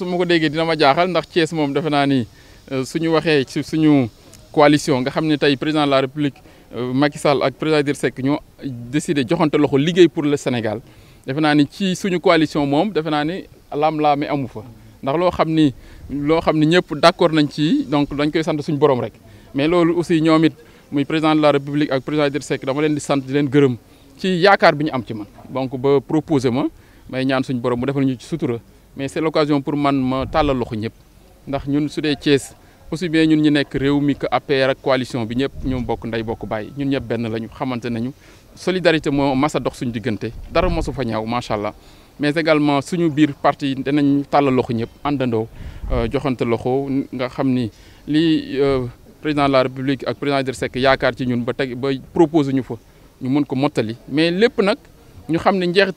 su ma ko déggee dina ma jaaxal ndax Thiès moom defe naa ni euh, suñu waxee ci suñu coalition nga xam ne tey président de la république euh, Macky Sall ak président Idrissa Seck ñoo joxante loxo liggéey pour le Sénégal defe naa ni ci suñu coalition moom defe naa ni laam-laame amu fa ndax loo xam ni loo xam ni ñëpp d'accord nañ ci donc dañ koy sant suñu borom rek mais loolu aussi ñoom it muy président de la république ak président Idrissa Seck dama leen di sant di leen gërëm ci yaakaar bi ñu am ci ma donc ba proposé ma may ñaan suñu borom mu defal ñu ci sutura mais c'est l'occasion pour moi de tàllal nous ndax ñun su aussi bien nous sommes que que coalition nous sommes nous ñun bien nous sommes nañu solidarité moo nous dox suñu diggante dara que nous mais également suñu bir parti Nous euh, euh, président de la république le président de la République ci nous mais les pneus, nous cest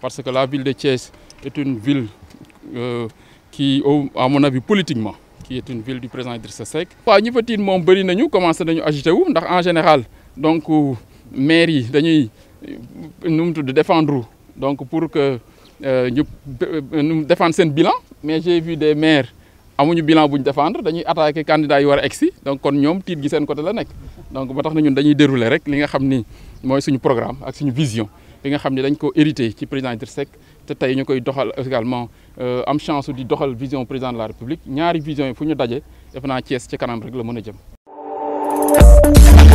parce que la ville de Thiès est une ville euh, qui, à mon avis, politiquement, qui est une ville du président Idrissa Seck. commencé en général donc euh, mairie, nous dañuy euh, défendre donc pour que nous défendions ce bilan mais j'ai vu des maires amuñu bilan buñ défendre dañuy attaquer candidat yi wara exi donc kon ñom tiit gi seen côté la nek, donc ba tax na ñun dañuy dérouler rek li nga xamni moy suñu programme ak suñu vision bi nga xamni dañ ko hérité ci président Idriss Seck té tay ñukoy doxal également euh, am chance di doxal vision président de la République ñaari vision yi fu ñu daje def naa ci kanam rek la mën jëm